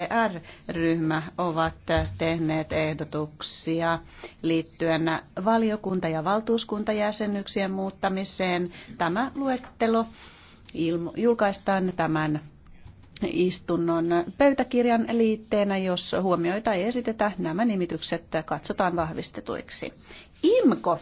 E R-ryhmä ovat tehneet ehdotuksia liittyen valiokunta- ja valtuuskuntajäsenyksien muuttamiseen. Tämä luettelo julkaistaan tämän istunnon pöytäkirjan liitteenä, jos huomioita ei esitetä, nämä nimitykset katsotaan vahvistetuiksi. IMKO